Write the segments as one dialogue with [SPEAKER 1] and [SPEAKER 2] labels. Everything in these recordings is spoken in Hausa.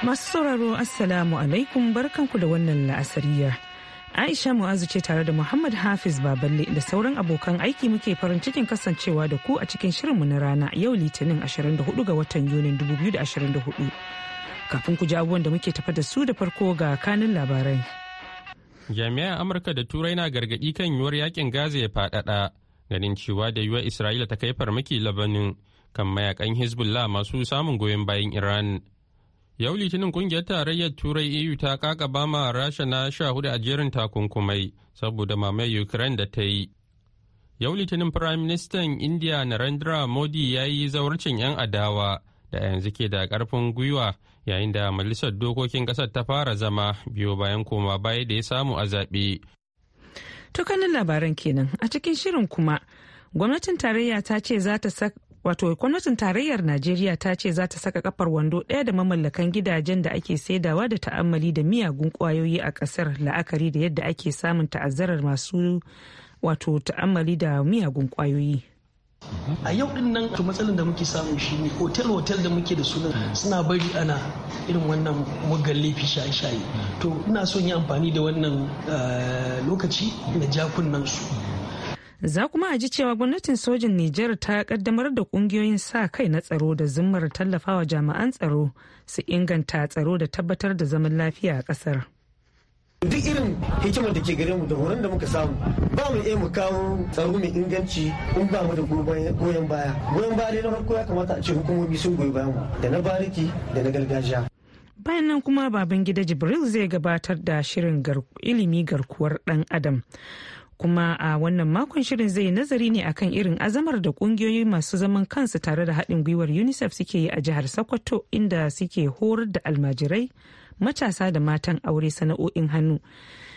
[SPEAKER 1] Masu sauraro Assalamu alaikum barkanku da wannan la'asariya. Aisha Mu'azu ce tare da Muhammad Hafiz Baballe da sauran abokan aiki muke farin cikin kasancewa da ku a cikin shirinmu na rana yau Litinin 24 ga watan Yunin 2024. Kafin ku ji abubuwan da muke tafa da su da farko ga kanin labarai.
[SPEAKER 2] Jami'an Amurka da Turai na gargaɗi kan yiwuwar yakin Gaza ya faɗaɗa ganin cewa da yiwuwar Isra'ila ta kai farmaki Labanin kan mayakan Hezbollah masu samun goyon bayan Iran. Yau Litinin kungiyar tarayyar Turai EU ta kakaba ma Rasha na sha hudu a jerin takunkumai saboda mamayar Ukraine da ta yi. Yau Litinin Firayim Ministan India Narendra Modi ya yi zawarcin 'yan adawa da yanzu ke da karfin gwiwa yayin da Majalisar Dokokin kasar ta fara zama biyo bayan koma baya da ya samu a zaɓe.
[SPEAKER 1] Tukanin labaran kenan a cikin shirin kuma. gwamnatin tarayya ta ce za ta wato gwamnatin tarayyar najeriya ta ce za ta saka kafar wando ɗaya da mamallakan gidajen da ake saidawa da ta'ammali da miyagun kwayoyi a ƙasar la'akari da yadda ake samun ta'azzarar masu wato ta'ammali da miyagun kwayoyi
[SPEAKER 3] a yau din nan to matsalar da muke samu shi ne hotel hotel da muke da su suna bari ana irin wannan muggan laifi shaye-shaye to ina son yi amfani da wannan
[SPEAKER 1] eh, lokaci na jakunan su Za kuma a ji cewa gwamnatin sojin Nijar ta kaddamar da kungiyoyin sa kai na tsaro da zimmar tallafawa jami'an tsaro su inganta tsaro da tabbatar da zaman lafiya a kasar. duk irin
[SPEAKER 4] hikimar da ke gare mu da horon da muka samu ba mu iya mu kawo tsaro mai inganci in ba mu da goyon baya goyon baya dai na farko ya kamata a ce hukumomi sun goyi bayan mu da na bariki da na gargajiya
[SPEAKER 1] bayan nan kuma baban gida jibril zai gabatar da shirin ilimi garkuwar dan adam kuma a wannan makon shirin zai nazari ne akan irin azamar da kungiyoyi masu zaman kansu tare da haɗin gwiwar unicef suke yi a jihar sokoto inda suke horar da almajirai matasa da matan aure sana'o'in hannu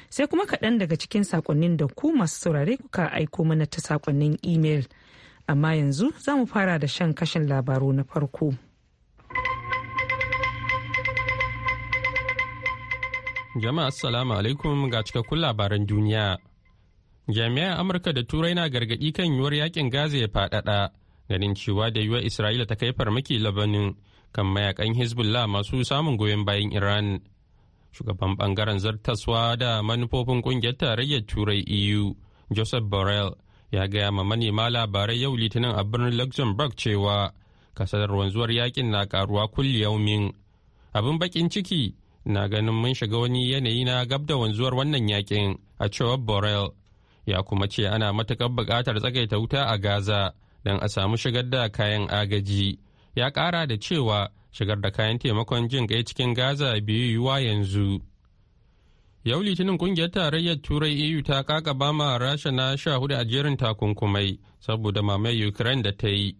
[SPEAKER 1] sai kuma kaɗan daga cikin sakonnin da ku masu saurare kuka aiko mana ta sakonnin imel amma yanzu za mu fara da shan kashin labaru na farko
[SPEAKER 2] jama'a assalamu alaikum ga cikakkun labaran duniya jami'an amurka da turai na gargaɗi kan yiwuwar yakin gaza ya faɗaɗa ganin cewa da yiwuwar isra'ila ta kai farmaki labanin kan mayakan hezbollah masu samun goyon bayan iran shugaban bangaren zartaswa da manufofin kungiyar tarayyar turai eu joseph borrell ya gaya ma manema labarai yau litinin a birnin luxembourg cewa kasar wanzuwar yakin na karuwa kulli yaumin abin bakin ciki na ganin mun shiga wani yanayi na gab da wanzuwar wannan yakin a cewar borrell ya kuma ce ana matuƙar buƙatar tsagaita wuta a gaza don a samu shigar da kayan agaji ya ƙara da cewa shigar da kayan taimakon jin kai cikin gaza biyu yiwuwa yanzu yau litinin kungiyar tarayyar turai eu ta kakaba ma rasha na sha hudu a jerin takunkumai saboda mamayar ukraine da ta yi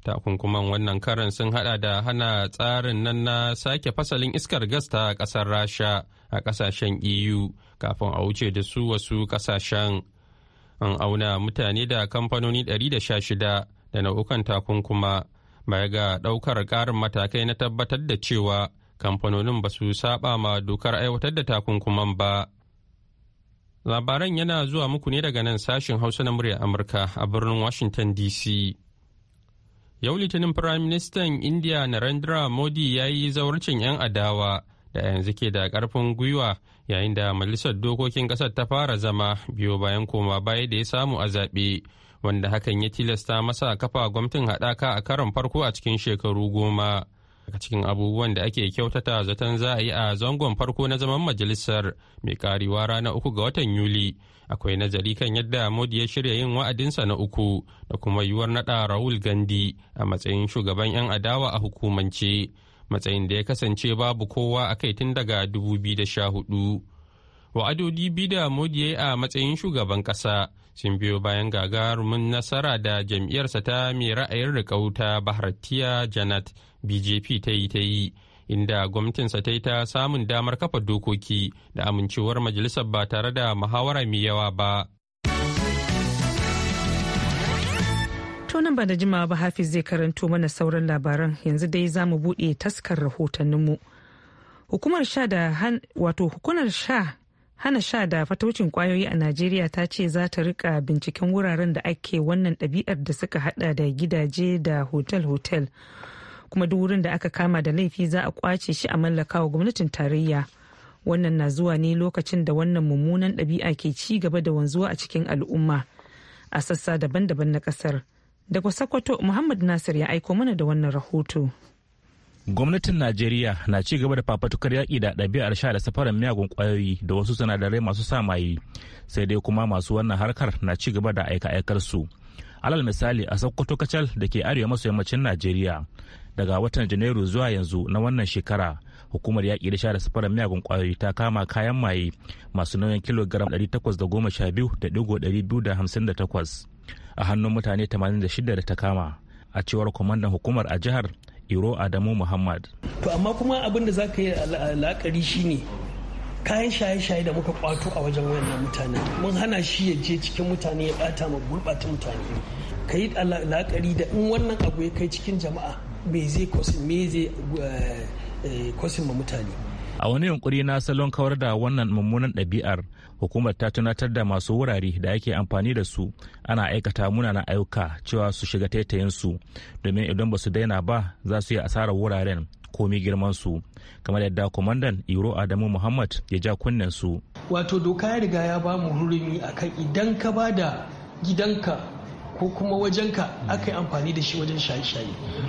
[SPEAKER 2] takunkuman wannan karan sun hada da hana tsarin nan na sake fasalin iskar gas ta kasar rasha a kasashen eu kafin a wuce da su wasu kasashen an auna mutane da kamfanoni 116 da nau'ukan takunkuma baya ga daukar karin matakai na tabbatar da cewa kamfanonin ba su saba ma dokar aiwatar da takunkuman ba labaran yana zuwa muku ne daga nan sashin hausa na murya amurka a birnin washington dc Yau Litinin Firaministan India Narendra Modi ya yi zawarcin 'yan adawa da yanzu ke da karfin gwiwa yayin da Majalisar Dokokin ƙasar ta fara zama biyo bayan koma baya da ya samu a zaɓe, wanda hakan ya tilasta masa kafa gwamnatin haɗaka a karon farko a cikin shekaru goma. daga cikin abubuwan da ake kyautata zaton za a yi a zangon farko na zaman majalisar mai karewa rana uku ga watan yuli akwai nazari kan yadda modi ya shirya yin wa'adinsa na uku da kuma yiwuwar naɗa rahul gandi a matsayin shugaban 'yan adawa a hukumance matsayin da ya kasance babu kowa a kai tun daga 2014 wa'adodi biyu da modi ya yi a matsayin shugaban ƙasa sun biyo bayan gagarumin nasara da jam'iyyarsa ta mai ra'ayin riƙau ta Bharatiya janet BJP ta yi ta yi. inda gwamnatinsa ta yi ta samun damar kafa dokoki da amincewar majalisar ba tare da muhawara mai yawa ba.
[SPEAKER 1] nan ba da jimawa ba hafiz zai karanto mana sauran labaran yanzu dai za mu buɗe taskar rahotanninmu. Hukumar sha da wato hukumar sha hana sha da fatocin kwayoyi a najeriya ta ce za ta rika binciken wuraren da ake wannan ɗabi'ar da suka hada da gidaje da hotel-hotel kuma duk wurin da aka kama da laifi za a kwace shi a mallaka wa gwamnatin tarayya wannan na zuwa ne lokacin da wannan mummunan ɗabi'a ke ci gaba da wanzuwa a cikin al'umma a sassa daban-daban na ƙasar daga sakwato muhammad nasir ya aiko mana da wannan rahoto
[SPEAKER 5] gwamnatin najeriya na ci gaba da fafatukar yaƙi da ɗabi'ar sha da safarar miyagun ƙwayoyi da wasu sinadarai masu sa maye sai dai kuma masu wannan harkar na ci gaba da aika-aikar su alal misali a sokoto kacal da ke arewa maso yammacin najeriya daga watan janairu zuwa yanzu na wannan shekara hukumar yaƙi da sha da safarar miyagun ƙwayoyi ta kama kayan maye masu nauyin kilogiram 812.258 a hannun mutane 86 da ta kama a cewar kwamandan hukumar a jihar iro adamu muhammad
[SPEAKER 3] to amma kuma abin da za ka yi la'akari ne kayan shaye-shaye da muka kwato a wajen wayannan mutane mun hana shi ya je cikin mutane ya bata ma gurɓata mutane ka yi la'akari da in wannan abu ya kai cikin jama'a me zai kwasin eh, eh, ma mutane
[SPEAKER 5] a wani yunkuri na salon kawar da wannan mummunan ɗabi'ar hukumar ta tunatar da masu wurare da ake amfani da su ana aikata munanan ayyuka cewa su shiga taitayinsu domin idan ba su daina ba za su yi asarar wuraren komi girman su kamar yadda kwamandan iro adamu muhammad ya ja kunnen su
[SPEAKER 3] wato doka ya riga ya ba mu hurumi akan idan ka ba da gidanka ko kuma wajen ka aka yi amfani da shi wajen shaye-shaye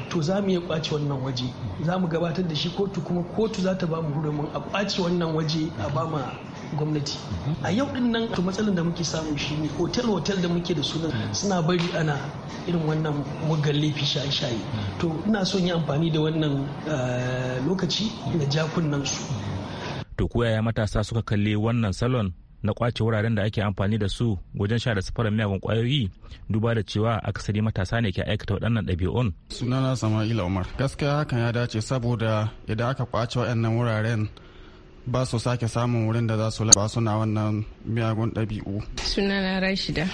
[SPEAKER 3] to za mu iya kwace wannan waje za mu gabatar da shi kotu kuma kotu za ta ba mu hurumin a kwace wannan waje a ba ma gwamnati a yau din nan to matsalar da muke samu shi ne hotel hotel da muke da sunan suna bari ana irin wannan muggan laifi shaye-shaye to ina son yi amfani da wannan eh, lokaci na jakunan su
[SPEAKER 5] to koyaya matasa suka kalle wannan salon na kwace wuraren da ake amfani da su wajen sha da safarar miyagun kwayoyi duba da cewa akasari matasa ne ke aikata
[SPEAKER 4] waɗannan ɗabi'un. sunana sama'ila umar gaskiya hakan ya dace saboda idan aka kwace waɗannan wuraren ba su sake samun wurin da za su laba suna wannan
[SPEAKER 6] miyagun ɗabi'u.
[SPEAKER 1] sunana rashida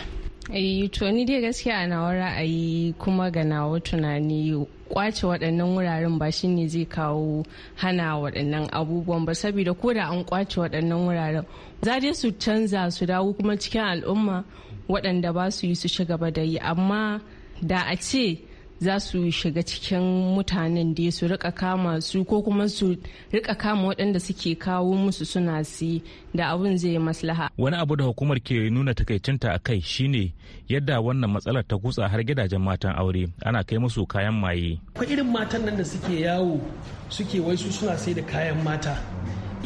[SPEAKER 1] Eh to ni dai gaskiya a nawa ra'ayi kuma ga nawa tunani kwace waɗannan wuraren ba shi ne zai kawo hana waɗannan abubuwan ba saboda ko da an kwace waɗannan wuraren za dai su canza su dawo kuma cikin al'umma waɗanda ba su yi su shiga ba da yi amma da a ce za su shiga cikin mutanen da su rika kama su ko kuma su rika kama waɗanda suke kawo musu suna si da abun zai maslaha.
[SPEAKER 5] Wani abu da hukumar ke nuna takaicinta a kai shine yadda wannan matsalar ta kutsa har gidajen matan aure ana kai musu kayan maye.
[SPEAKER 3] Akwai irin matan nan da suke yawo suke wai su suna sai da kayan mata.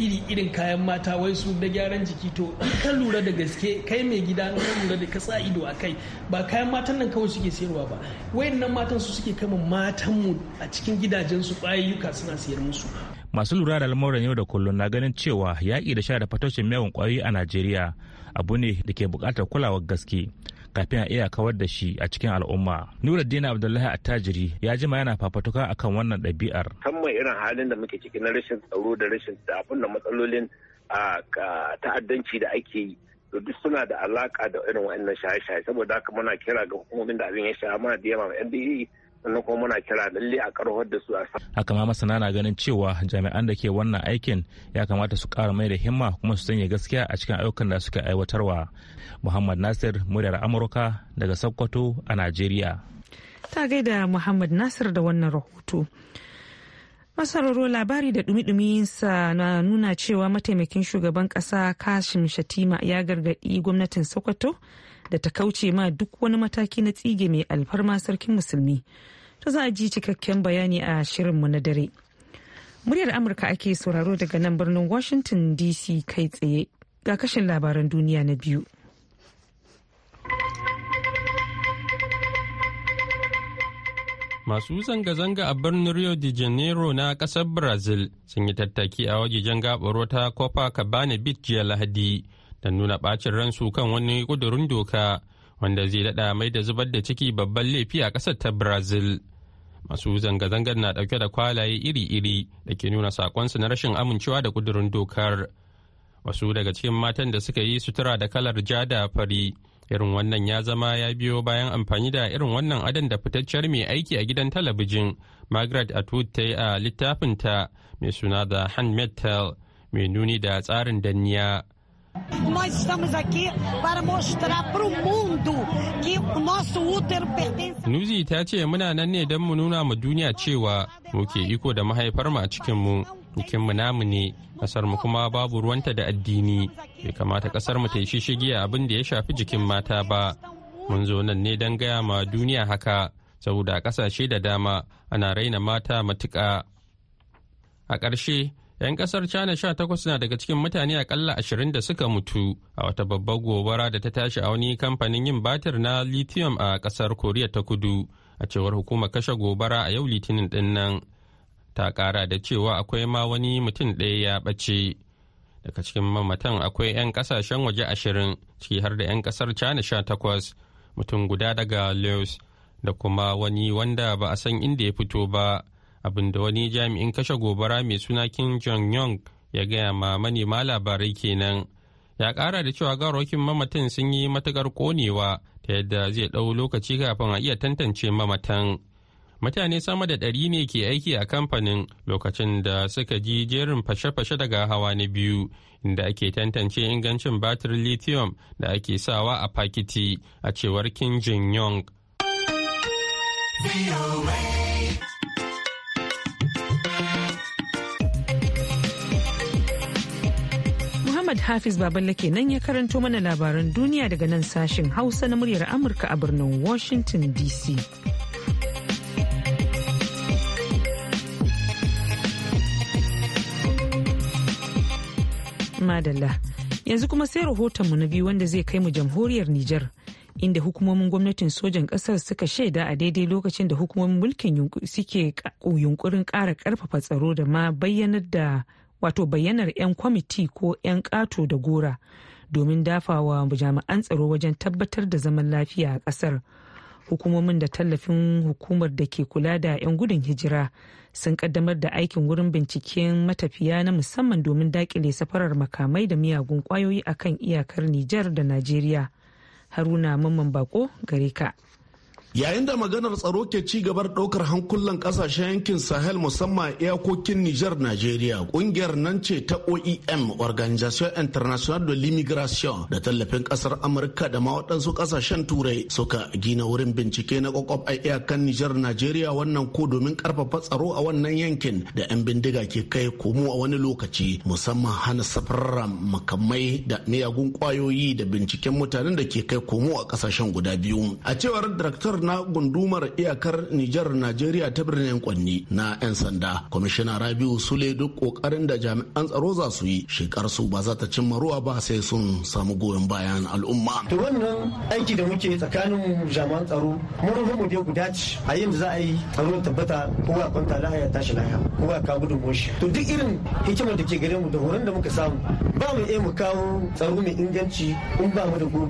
[SPEAKER 3] iri irin kayan mata wai su da gyaran jiki to kan lura da gaske kai mai gida kan lura da ka sa ido a kai ba kayan matan nan kawai suke sayarwa ba wayannan matan su suke kama matan mu a cikin gidajen su kwayoyuka suna sayar musu
[SPEAKER 5] masu lura da lamuran yau da kullum na ganin cewa yaƙi da sha da fatoshin miyagun kwayoyi a najeriya abu ne da ke buƙatar kulawar gaske kafin a iya kawar da shi a cikin al'umma nuruddin abdullahi attajiri ya jima yana fafatuka akan wannan ɗabi'ar
[SPEAKER 7] kan irin halin da muke ciki na rashin tsaro da rashin abin da matsalolin ta'addanci da ake yi to duk suna da alaka da irin wa'annan shaye-shaye saboda haka muna kira ga hukumomin da abin ya sha
[SPEAKER 4] mana da yawa ma sannan kuma muna kira lalle a karfar da su a
[SPEAKER 5] haka ma masana na ganin cewa jami'an da ke wannan aikin ya kamata su ƙara mai da himma kuma su sanya gaskiya a cikin ayyukan da suke aiwatarwa muhammad nasir muryar amurka daga sokoto a najeriya
[SPEAKER 1] ta gaida muhammad nasir da wannan rahoto masararo labari da dumi sa na nuna cewa mataimakin shugaban kasa kashim shatima ya gargadi gwamnatin sokoto da ta kauce ma duk wani mataki na tsige mai alfarma sarkin musulmi ta za a ji cikakken bayani a shirinmu na dare muryar amurka ake sauraro daga nan birnin washington dc kai tsaye ga kashin labaran duniya na biyu
[SPEAKER 2] Masu zanga-zanga a birnin Rio de Janeiro na kasar Brazil sun yi tattaki a wajejen gabar wata Copa bani bit jiya Lahadi don nuna bacin ransu kan wani kudurin doka wanda zai daɗa mai da zubar da ciki babban laifi a kasar ta brazil masu zanga-zangar na ɗauke da kwalaye iri-iri da ke nuna saƙonsu na rashin amincewa da kudurin dokar wasu daga cikin matan da suka yi sutura da kalar ja da fari irin wannan ya zama ya biyo bayan amfani da irin wannan adan da fitacciyar mai aiki a gidan talabijin margaret atwood ta yi a littafinta mai suna da hand tale mai nuni da tsarin danniya
[SPEAKER 3] Nós estamos aqui para mostrar para o mundo que o nosso útero pertence.
[SPEAKER 2] Nuzi ta ce muna nan ne don mu nuna ma duniya cewa mu ke iko da mahaifar ma a cikin mu. Dukin mu namu ne, kasar mu kuma babu ruwanta da addini. Bai kamata kasar mu ta yi shishigi abin da ya shafi jikin mata ba. Mun zo nan ne don gaya ma duniya haka, saboda a kasashe da dama ana raina mata matuƙa. A ƙarshe, 'Yan kasar China sha takwas na daga cikin mutane akalla ashirin da suka mutu a wata babbar gobara da ta tashi a wani kamfanin yin batir na lithium a kasar Koriya ta kudu a cewar hukumar kashe gobara a yau litinin din nan. Ta kara da cewa akwai ma wani mutum ɗaya ya ɓace. Daga cikin mamatan akwai 'yan kasashen waje ashirin ciki har da 'yan kasar China sha takwas mutum guda daga Laos da kuma wani wanda ba a san inda ya fito ba. abin da wani jami'in kashe gobara mai suna Kim Jong Yong ya gaya ma manema labarai kenan. Ya kara da cewa garokin mamatan sun yi matukar konewa ta yadda zai ɗau lokaci kafin a iya tantance mamatan. Mutane sama da ɗari ne ke aiki a kamfanin lokacin da suka ji jerin fashe-fashe daga hawa na biyu inda ake tantance ingancin batir lithium da ake sawa a fakiti a cewar Kim Jong-yong.
[SPEAKER 1] Muhammad Hafiz Baballe nan ya karanto mana labaran duniya daga nan sashen Hausa na muryar Amurka a birnin Washington DC. Madalla. Yanzu kuma sai rahotonmu na biyu wanda zai kai mu jamhuriyar Nijar. Inda hukumomin gwamnatin sojan ƙasar suka shaida a daidai lokacin da hukumomin mulkin suke yunkurin ƙara ƙarfafa tsaro da ma bayyanar da wato bayyanar 'yan kwamiti ko 'yan kato da gora domin dafawa jami'an tsaro wajen tabbatar da zaman lafiya a kasar Hukumomin da tallafin hukumar da ke kula da 'yan gudun hijira sun kaddamar da aikin wurin binciken matafiya na musamman domin dakile safarar makamai da miyagun kwayoyi akan iyakar Nijar da Najeriya. Haruna Mamman Bako gare ka.
[SPEAKER 4] Yayin da maganar tsaro ke ci gabar ɗaukar hankulan ƙasashen yankin Sahel musamman iyakokin Nijar Najeriya, ƙungiyar nan ce ta OEM Organisation International de l'Immigration da tallafin ƙasar Amurka da ma waɗansu ƙasashen Turai suka gina wurin bincike na ƙwaƙwaf a iyakan Nijar Najeriya wannan ko domin ƙarfafa tsaro a wannan yankin da 'yan bindiga ke kai komo a wani lokaci musamman hana safarra makamai da miyagun kwayoyi, da binciken mutanen da ke kai komo a ƙasashen guda biyu. A cewar Daraktar na gundumar iyakar Nijar Najeriya ta birnin Kwanni na 'yan sanda. Kwamishina Rabiu Sule duk kokarin da jami'an tsaro za su yi shekar su ba za ta cimma ruwa ba sai sun samu goyon bayan al'umma. To wannan aiki da muke tsakanin jami'an tsaro mun rufe mu dai guda ci a yin za a yi tsaro tabbata ko a kwanta lahiya tashi ko a ka gudun moshi. To duk irin hikimar da ke gare mu da horon da muka samu ba mu iya mu kawo tsaro mai inganci in ba mu da goyon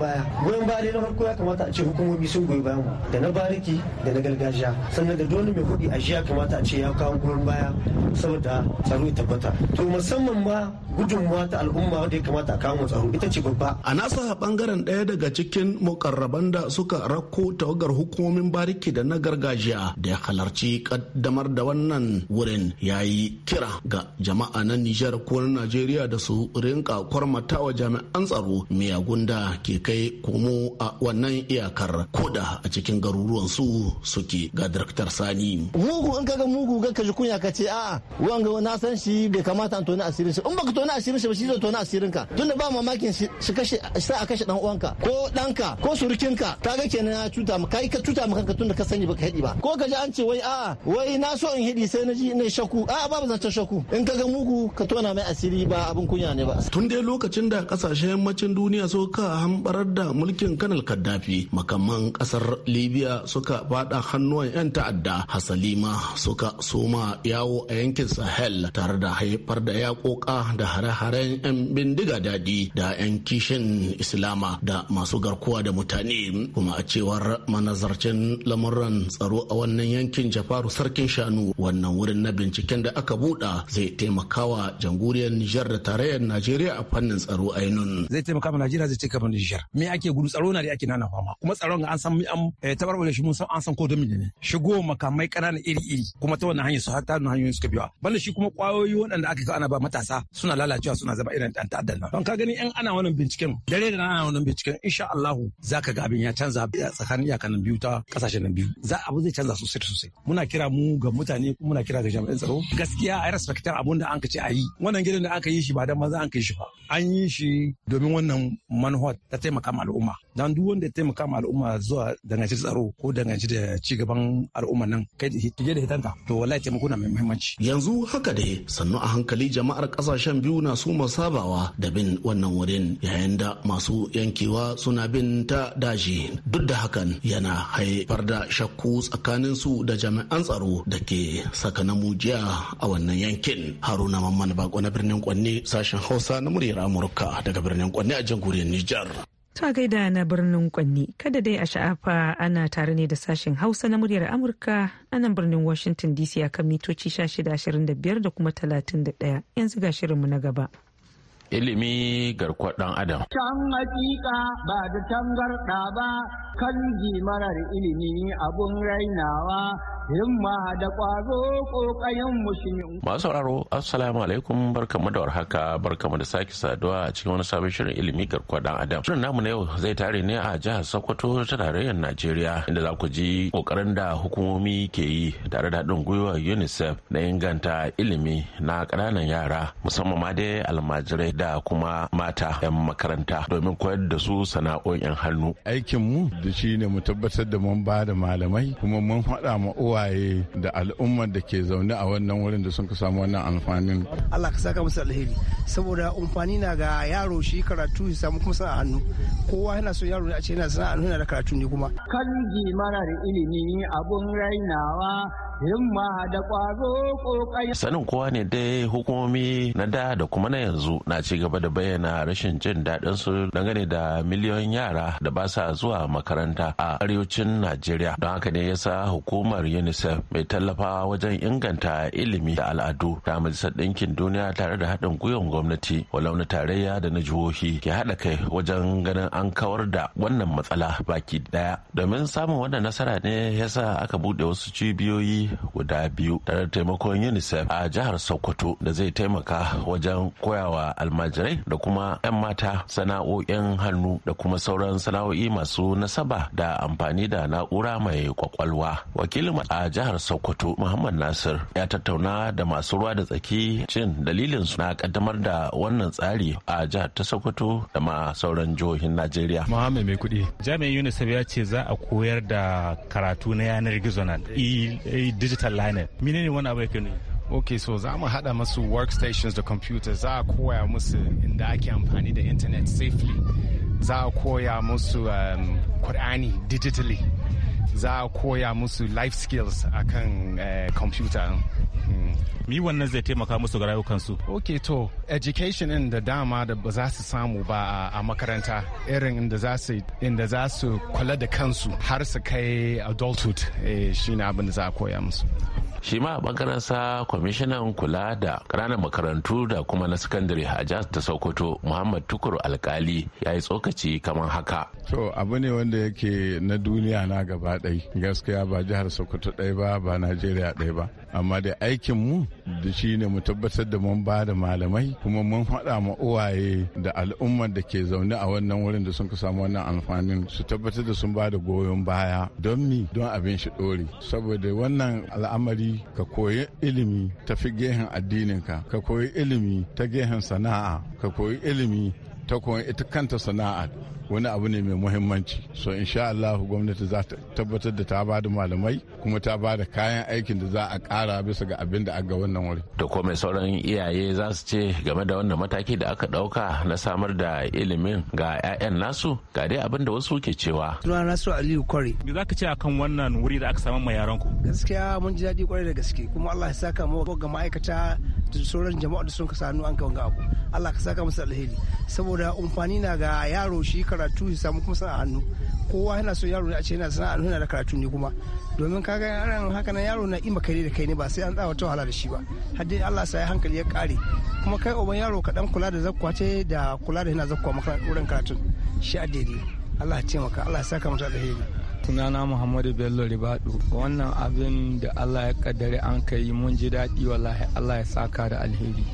[SPEAKER 4] baya. Goyon baya ne na farko ya kamata a ce hukumomi sun goyi ya mu da na bariki da na gargajiya sannan da dole mai kuɗi ajiya kamata a ce ya kawo goyon baya saboda tsaro ya tabbata to musamman ma gudunmuwa ta al'umma wanda ya kamata a kawo tsaro ita ce babba a nasa bangaren ɗaya daga cikin mukarraban da suka rakko tawagar hukumomin bariki da na gargajiya da ya halarci kaddamar da wannan wurin ya yi kira ga jama'a na nijar ko na najeriya da su rinka kwarmata wa jami'an tsaro miyagun da ke kai komo a wannan iyakar koda a cikin garuruwan su suke ga Daraktar Sani. Mugu in kaga mugu ga kaji kunya ka ce a'a wan ga na san shi bai kamata an tona asirin shi in baka tona asirin shi ba shi zai tona asirin ka tunda ba mamakin shi kashe sa a kashe dan uwanka ko danka ko surukinka kaga kenan ya cuta mu kai ka cuta mu ka tunda ka sani baka hidi ba ko kaji an ce wai a'a wai na so in hidi sai na ji na shaku a'a ba babu zancen shaku in kaga mugu ka tona mai asiri ba abin kunya ne ba. Tun dai lokacin da kasashen yammacin duniya so ka hambarar da mulkin Kanal Kaddafi makaman kasa kasar libya suka fada hannuwan 'yan ta'adda hasalima suka soma yawo a yankin sahel tare da haifar da yakoka da hare-haren 'yan bindiga dadi da 'yan kishin islama da masu garkuwa da mutane kuma a cewar manazarcin lamuran tsaro a wannan yankin jafaru sarkin shanu wannan wurin na binciken da aka buɗa zai taimakawa jamhuriyar nijar da tarayyar najeriya a fannin tsaro ainun zai taimaka ma najeriya zai taimaka ma nijar me ake gudu tsaro na da ake nana fama kuma tsaron an san an eh, tabarbare shi mun san an san ko domin ne shigo makamai kanana iri-iri kuma ta wannan hanyar su har ta hanyoyin suka biya banda shi kuma kwayoyi waɗanda aka kawo ana ba matasa suna lalacewa suna zama irin dan ta'addan nan don ka gani in ana wannan binciken dare da ana wannan binciken insha Allahu ka ga abin ya canza tsakanin iyakanin biyu ta kasashen nan biyu za abu zai canza sosai sosai muna kira mu ga mutane muna kira ga jami'an tsaro gaskiya a respectar abun da an ka ce a yi wannan gidan da aka yi shi ba dan maza an yi shi ba an yi shi domin wannan manuwa ta taimaka ma al'umma dan duk wanda ya taimaka ma al'umma zuwa danganci da tsaro ko danganci da ci gaban al'umma nan kai tije da hitanta to wallahi taimako na mai muhimmanci yanzu haka dai sannu a hankali jama'ar kasashen biyu na su sabawa da bin wannan wurin yayin da masu yankewa suna bin ta daji duk da hakan yana haifar da shakku tsakanin su da jami'an tsaro da ke saka na mujiya a wannan yankin haruna mamman bako na birnin kwanne sashen hausa na muryar amurka daga birnin kwanne a jamhuriyar nijar
[SPEAKER 1] To a gaida na birnin Kwanni, kada dai a sha'afa ana tare ne da sashen Hausa na muryar Amurka a nan birnin Washington DC akan mitoci 1625 da kuma 31 yanzu ga shirinmu na gaba.
[SPEAKER 7] ilimi garkuwar ɗan adam.
[SPEAKER 3] Can hakika ba da tangarɗa ba kan marar ilimi abun rainawa himma da ƙwazo ƙoƙayen musulmi. Masu
[SPEAKER 7] sauraro assalamu alaikum barkamu da warhaka barkamu da sake saduwa a cikin wani sabon shirin ilimi garkuwar ɗan adam. Shirin namu na yau zai tare ne a jihar Sokoto ta tarayyar Najeriya inda za ku ji ƙoƙarin da hukumomi ke yi tare da haɗin gwiwa UNICEF na inganta ilimi na ƙananan yara musamman ma dai almajirai da kuma mata 'yan makaranta domin koyar da su sana'o'in 'yan hannu.
[SPEAKER 6] Aikin mu da shi ne mu tabbatar da mun ba da malamai kuma mun faɗa ma uwaye da al'ummar da ke zaune a wannan wurin da sun ka samu wannan amfanin.
[SPEAKER 8] Allah ka saka musu alheri saboda amfani na ga yaro shi karatu shi samu
[SPEAKER 3] kuma sana'a hannu kowa yana so yaro ne a ce yana sana'a hannu yana da karatu ne kuma. Kan mana da ilimi abun rainawa Sanin kowa
[SPEAKER 7] ne dai hukumomi na da da kuma na yanzu na ci gaba da bayyana rashin jin daɗin su dangane da miliyoyin yara da ba sa zuwa makaranta a arewacin Najeriya. Don haka ne yasa hukumar UNICEF mai tallafa wajen inganta ilimi da al'adu ta Majalisar Ɗinkin Duniya tare da haɗin gwiwan gwamnati walau na tarayya da na jihohi ke haɗa kai wajen ganin an kawar da wannan matsala baki ɗaya. Domin samun wannan nasara ne yasa aka buɗe wasu cibiyoyi guda biyu tare da taimakon unicef a jihar sokoto da zai taimaka wajen koyawa almajirai da kuma 'yan mata sana'o'in hannu da kuma sauran sana'o'i masu nasaba da amfani da na'ura mai kwakwalwa wakilin a jihar sokoto muhammad nasir ya tattauna da masu ruwa da tsaki cin dalilin su na kaddamar da wannan tsari a jihar ta sokoto da ma sauran jihohin najeriya
[SPEAKER 5] muhammad mai kudi jami'in unicef ya ce za a koyar da karatu
[SPEAKER 4] na yanar gizo nan e, e, digital learning menene wani abu yake ne ok so za mu haɗa masu workstations da computer za a koya musu inda ake amfani da internet safely za a koya musu um, kur'ani digitally za a koya musu life skills kan eh, computer mi hmm. wannan zai taimaka musu ga rayukansu ok to education in da dama da ba za su samu ba a makaranta irin inda za su kula da kansu har su kai adulthood eh, shine abin da za a koya musu
[SPEAKER 7] shi ma a bangaren sa kwamishinan kula da ƙananan makarantu da kuma na sakandare a jihar ta sokoto muhammad tukur alkali ya yi tsokaci kamar haka
[SPEAKER 6] to abu ne wanda yake na duniya na gaba ɗai gaskiya ba jihar sokoto ɗai ba ba najeriya ɗai ba amma da aikin mu da shi ne mu tabbatar da mun ba da malamai kuma mun faɗa ma uwaye da al'ummar da ke zaune a wannan wurin da sun ka samu wannan amfanin su tabbatar da sun ba da goyon baya don mi don abin shi ɗori saboda wannan al'amari ka koyi ilimi ta fi gehen addininka ka koyi ilimi ta gehen sana'a ka koyi ilimi ta koyi ita kanta sana'a wani abu ne mai muhimmanci so insha Allah gwamnati za ta tabbatar da ta bada malamai kuma ta bada kayan aikin da za a kara bisa ga abin da ga wannan wuri to ko mai
[SPEAKER 7] sauran iyaye za su ce game da wannan mataki da aka dauka na samar da ilimin ga 'ya'yan nasu ga dai abin da wasu ke cewa
[SPEAKER 5] suna nasu Aliyu Kwari me zaka ce akan wannan wuri da aka samu ma yaran ku
[SPEAKER 8] gaskiya mun ji daɗi kwarai da gaske kuma Allah ya saka mu ga ma'aikata da sauran jama'a da sun ka sanu an ka wanga abu Allah ka saka musu alheri saboda umfani na ga yaro shi karatu su samu kuma sana'a hannu kowa yana so yaro ne a ce yana sana'a hannu yana da karatu ne kuma domin kaga yaran haka nan yaro na ima kai da kai ne ba sai an tsawa ta wahala da shi ba har dai Allah sa ya hankali ya kare kuma kai oban yaro ka dan kula da zakwa ce da kula da yana zakwa maka wurin karatu shi a daidai Allah ya taimaka Allah ya saka mata alheri
[SPEAKER 5] sunana muhammadu bello
[SPEAKER 2] ribadu wannan abin da allah ya kaddare an kai mun ji daɗi wallahi allah ya saka da alheri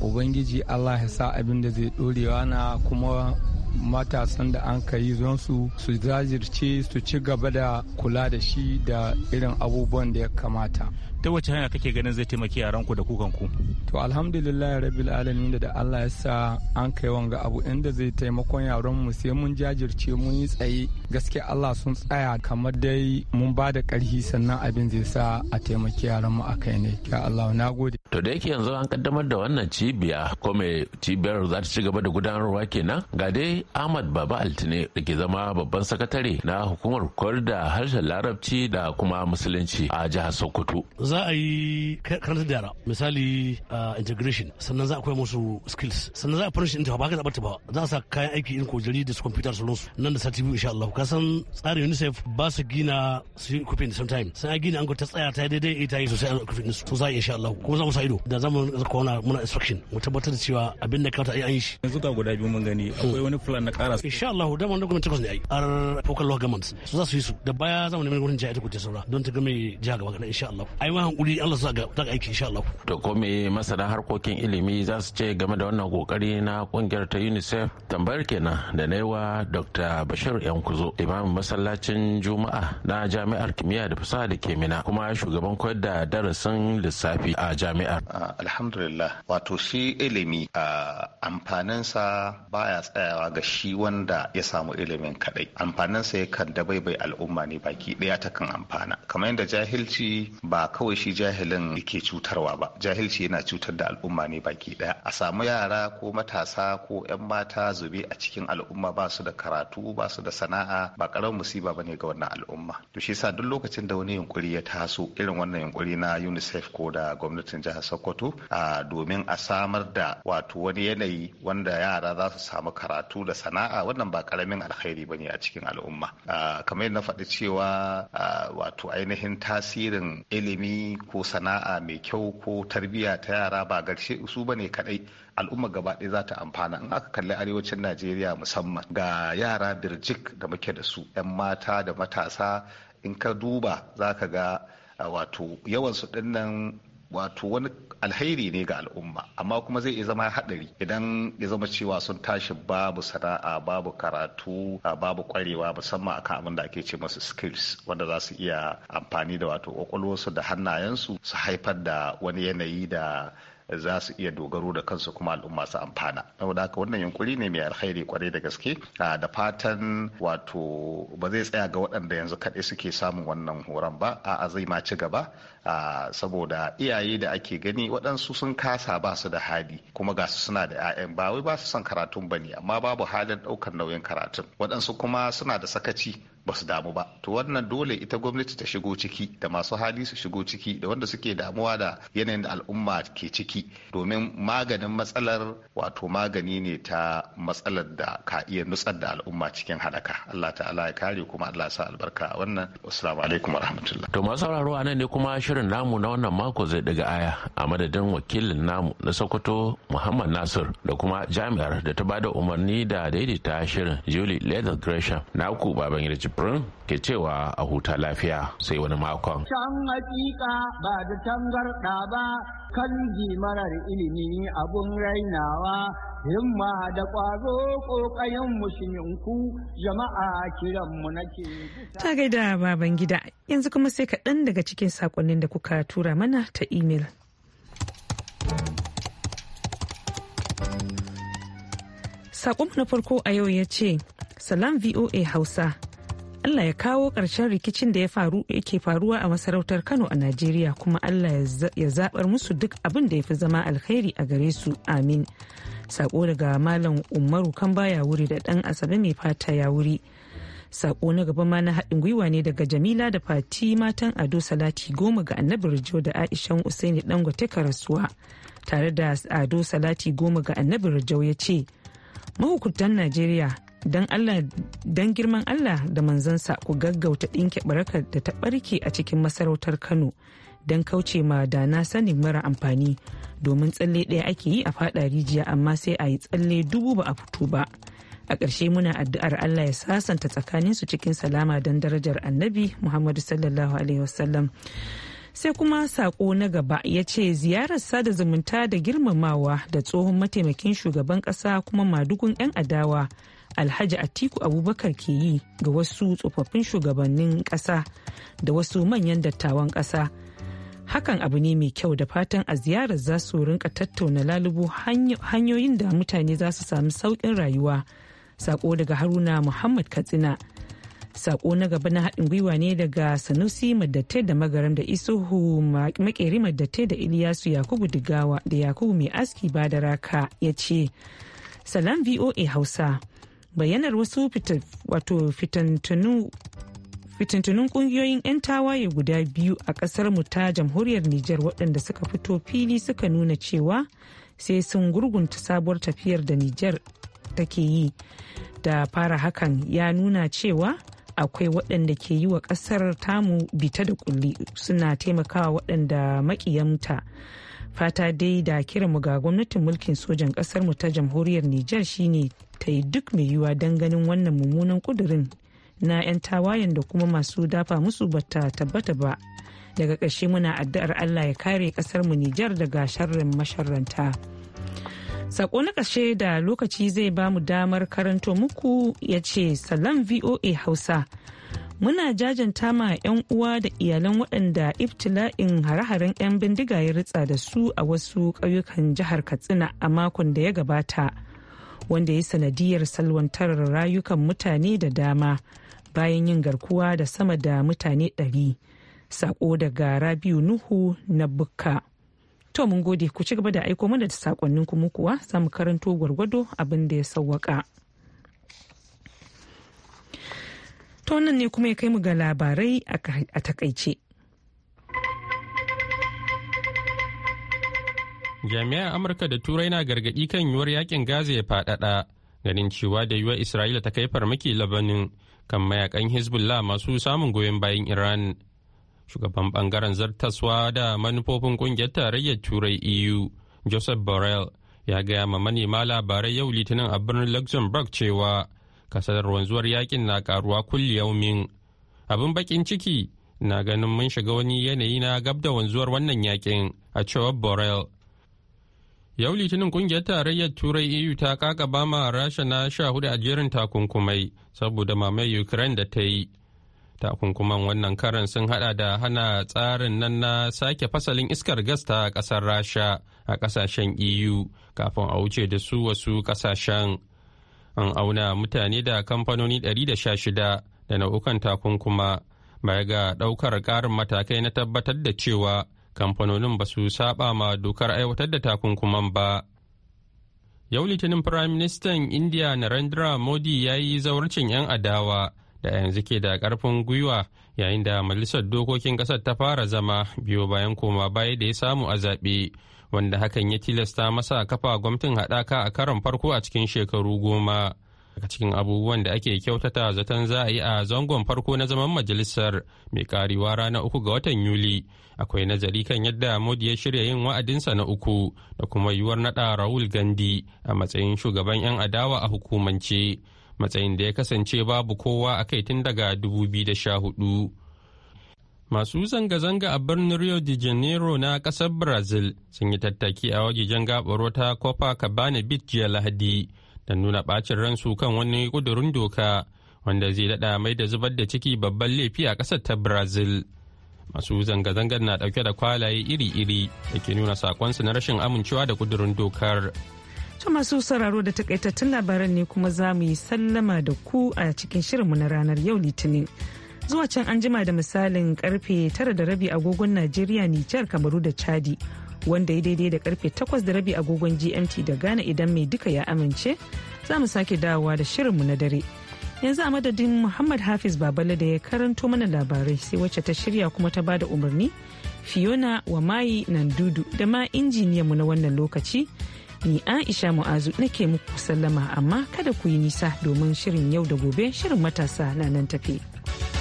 [SPEAKER 2] ubangiji allah ya sa abin da zai ɗorewa na kuma matasan da an ka yi su su jajirce su ci gaba da kula da shi da irin abubuwan da ya kamata
[SPEAKER 5] ta wace hanya kake ganin zai taimaki yaranku da kukanku
[SPEAKER 2] to alhamdulillah rabbil alamin da Allah ya sa an kai wanga abu inda zai taimakon yaron mu sai mun jajirce mun yi tsaye gaske Allah sun tsaya kamar dai mun ba da karhi sannan abin zai sa a taimaki yaran mu akai ne ya Allah na gode
[SPEAKER 7] to da yake yanzu an kaddamar da wannan cibiya ko mai cibiyar za ta ci gaba da gudanarwa kenan ga dai ahmad baba altine da ke zama babban sakatare na hukumar koyar da harshen larabci da kuma musulunci a jihar sokoto
[SPEAKER 4] za a yi karantar da yara misali integration sannan za a koya musu skills sannan za a fara shi ba ka zaɓar ba za a sa kayan aiki in kojiri da su computer su lonsu nan da sati tv insha Allah ka san tsarin unicef ba su gina su yi kufin sometime sai a gina an ta tsaya ta daidai ita eh, yi sosai a kufin su za a yi insha Allah ko za mu sa ido da zamu zaka na muna instruction mu tabbatar da cewa abin da kawata an yi shi yanzu ga guda biyu mun gani akwai hmm. wani plan na karas. insha Allah da mun gwamnati takwas ne ai ar law government su za su yi su da baya zamu neman gurin jaya ta kuce saura don ta ga mai jiha gaba kaɗan insha Allah ai ma hankuri Allah su ga ta aiki insha Allah
[SPEAKER 7] to ko me masana harkokin ilimi za su ce game da wannan kokari na kungiyar ta UNICEF tambayar kenan da naiwa Dr. Bashir Yankuzo imamin masallacin Juma'a na jami'ar kimiyya da fasaha da Kemina kuma shugaban koyar da darasin lissafi a jami'a jami'ar? Ah,
[SPEAKER 8] alhamdulillah, wato shi ilimi a ah, amfaninsa baya tsayawa ga shi wanda ya samu ilimin kadai. Amfaninsa yakan bai al'umma ne baki ɗaya ta kan amfana. Kamar yadda jahilci ba kawai shi jahilin yake cutarwa ba, jahilci yana cutar da al'umma ne baki ɗaya. A samu yara ko matasa ko 'yan mata zube a cikin al'umma ba su da karatu ba su da sana'a ba ƙaramin musiba ba ne ga wannan al'umma. To shi sa duk lokacin da wani yunkuri ya taso irin wannan yunkuri na UNICEF ko da gwamnatin jihar jihar sokoto a domin a samar da wato wani yanayi wanda yara za su samu karatu da sana'a wannan ba karamin alkhairi ba ne a cikin al'umma kamar na faɗi cewa wato ainihin tasirin ilimi ko sana'a mai kyau ko tarbiyya ta yara ba garshe su bane ne kaɗai al'umma gaba ɗaya za ta amfana in aka kalli arewacin najeriya musamman ga yara birjik da muke da su 'yan mata da matasa in ka duba za ka ga wato yawansu dinnan. wato wani alheri ne ga al'umma amma kuma zai iya zama haɗari idan ya zama cewa sun tashi babu sana'a babu karatu babu kwarewa musamman akan abin da ake ce masu skills wanda za su iya amfani da wato kwakwalwarsu da hannayensu su haifar da wani yanayi da za su iya dogaro da kansu kuma al'umma su amfana saboda haka wannan yunkuri ne mai alkhairi kwarai da gaske da fatan wato ba zai tsaya ga waɗanda yanzu kaɗai suke samun wannan horon ba a'a zai ma ci gaba saboda iyaye da ake gani waɗansu sun kasa ba su da hali kuma ga su suna da 'ya'yan ba wai ba su son karatun ba ne amma babu halin ɗaukar nauyin karatun waɗansu kuma suna da sakaci ba su damu ba to wannan dole ita gwamnati ta shigo ciki da masu hali su shigo ciki da wanda suke damuwa da yanayin da al'umma ke ciki domin maganin matsalar wato magani ne ta matsalar da ka iya nutsar da al'umma cikin haɗaka. Allah ta'ala ya kare kuma Allah sa albarka wannan assalamu alaikum warahmatullahi
[SPEAKER 7] to masu sauraro ne kuma shirin namu na wannan mako zai daga aya a madadin wakilin namu na sokoto muhammad nasir da kuma jami'ar da ta bada umarni da daidaita shirin julie leather gresham na ku baban gida ke cewa a huta lafiya sai wani makon.
[SPEAKER 3] can hakika ba da tangarda ba kanji marar ilimi abun rainawa himma da ƙwazo ƙoƙayen musulminku jama'a kiranmu nake. Ta
[SPEAKER 1] gaida baban gida yanzu kuma sai ka kaɗan daga cikin saƙonnin da kuka tura mana ta email sakon na farko a yau ya ce, Salam VOA Hausa. Allah ya kawo ƙarshen rikicin da ya faru yake faruwa a masarautar Kano a Najeriya kuma Allah ya zabar musu duk abin da ya fi zama alkhairi a gare su amin. Sako daga Malam Umaru Kamba ya wuri da ɗan Asabe mai fata ya wuri. Sako na gaba ma na haɗin gwiwa ne daga Jamila da Fati matan Ado Salati goma ga Annabi Rijo da Aishan Usaini Dangote Karasuwa tare da Ado Salati goma ga Annabi Rijo ya ce mahukuntan Najeriya don Allah don girman Allah da manzansa ku gaggauta ɗinke barakar da ta ɓarke a cikin masarautar Kano don kauce ma da na sanin mara amfani domin tsalle ɗaya ake yi a faɗa rijiya amma sai a yi tsalle dubu ba a fito ba. A ƙarshe muna addu'ar Allah ya sasanta tsakaninsu cikin salama don darajar annabi Muhammadu sallallahu alaihi wasallam. sai kuma sako na gaba ya ce ziyarar sada zumunta da girmamawa da tsohon mataimakin shugaban ƙasa kuma madugun 'yan adawa alhaji atiku abubakar ke yi ga wasu tsofaffin shugabannin ƙasa da wasu manyan dattawan ƙasa hakan abu ne mai kyau da fatan a ziyarar za su rinka tattauna lalubo hanyoyin da mutane za su sami sauƙin rayuwa sako daga haruna muhammad katsina sako na gaba na haɗin gwiwa ne daga sanusi maddatai da magaram da isuhu makeri maddatai da iliyasu yakubu digawa da yakubu mai aski badaraka ya ce salam voa hausa bayyanar wasu fitintunun kungiyoyin 'yan tawaye guda biyu a kasar mu ta jamhuriyar Nijar waɗanda suka fito fili suka nuna cewa sai sun gurgunta sabuwar tafiyar da Nijar take yi da fara hakan ya nuna cewa akwai waɗanda ke yi wa ƙasar tamu bita da kulli suna taimakawa waɗanda makiyamta. fata dai da mu ga gwamnatin mulkin sojan ƙasarmu ta jamhuriyar nijar shine ta yi duk mai yiwuwa don ganin wannan mummunan kudurin na 'yan tawayen da kuma masu dafa musu bata tabbata ba daga ƙarshe muna addu'ar allah ya kare ƙasarmu nijar daga sharrin masharranta sako na ƙarshe da lokaci zai ba mu damar karanto muku ya ce salam voa hausa muna jajanta ma 'yan uwa da iyalan waɗanda ibtila'in hare-haren 'yan bindiga ya ritsa da su a wasu ƙauyukan jihar katsina a makon da ya gabata wanda ya sanadiyar salwantar rayukan mutane da dama bayan yin garkuwa da sama da mutane ɗari sako daga rabiu nuhu na bukka to mun gode ku ci gaba da aiko mana da sakonninku mu kuwa za karanto gwargwado abin da ya sawwaka. To nan ne kuma ya kai mu ga labarai a takaice.
[SPEAKER 2] Jami'an Amurka da Turai na gargaɗi kan yiwuwar yakin Gaza ya faɗaɗa, ganin cewa da yiwuwar Isra'ila ta kai farmaki Labanin kan mayakan Hezbollah masu samun goyon bayan Iran. Shugaban bangaren zartaswa da manufofin ƙungiyar tarayyar Turai EU, Joseph Borrell, ya gaya ma manema labarai yau Litinin a birnin Luxembourg cewa kasadar wanzuwar yakin na karuwa kulli yaumin abin bakin ciki na ganin mun shiga wani yanayi na gab da wanzuwar wannan yakin a cewar borel yau litinin kungiyar tarayyar turai eu ta kaka ba ma rasha na sha hudu a jerin takunkumai saboda mamayar ukraine da ta yi takunkuman wannan karan sun hada da hana tsarin nan na sake fasalin iskar gas ta kasar rasha a kasashen eu kafin a wuce da su wasu kasashen an auna mutane da kamfanoni 116 da nau'ukan takunkuma baya ga ɗaukar ƙarin matakai na tabbatar da cewa kamfanonin ba su saba ma dokar aiwatar da takunkuman ba. Yau Litinin Firaministan india Narendra Modi ya yi zawarcin 'yan adawa da yanzu ke da ƙarfin gwiwa yayin da Majalisar Dokokin ƙasar ta fara zama biyo bayan koma baya da ya samu a zaɓe wanda hakan ya tilasta masa kafa gwamnatin haɗaka a karon farko a cikin shekaru goma daga cikin abubuwan da ake kyautata zaton za a yi a zangon farko na zaman majalisar mai karewa rana uku ga watan yuli akwai nazari kan yadda modi ya shirya yin wa'adinsa na uku da kuma yiwuwar naɗa raul gandi a matsayin shugaban 'yan adawa a hukumance matsayin da ya kasance babu kowa a kai tun daga 2014 Masu zanga-zanga a birnin Rio de Janeiro na ƙasar Brazil sun yi tattaki a wajejen gabar wata Copacabana Beach jiya Lahadi da nuna ɓacin ransu kan wani ƙudurin doka wanda zai daɗa mai da zubar da ciki babban laifi a ƙasar ta Brazil. Masu zanga-zangar na ɗauke da kwalaye iri-iri da ke nuna saƙonsu na rashin amincewa da ƙudurin dokar.
[SPEAKER 1] ta masu sauraro da takaitattun labaran ne kuma za mu yi sallama da ku a cikin shirinmu na ranar yau Litinin. zuwa can an jima da misalin karfe tara da rabi agogon najeriya nijar kamaru da chadi wanda ya daidai da karfe takwas da rabi agogon gmt da ghana idan mai duka ya amince za mu sake dawowa da shirinmu na dare yanzu a madadin muhammad hafiz babala da ya karanto mana labarai sai wacce ta shirya kuma ta bada umarni fiona wa mayi nan dudu da ma injiniyan mu na wannan lokaci ni aisha mu'azu nake muku sallama amma kada ku yi nisa domin shirin yau da gobe shirin matasa na nan tafe.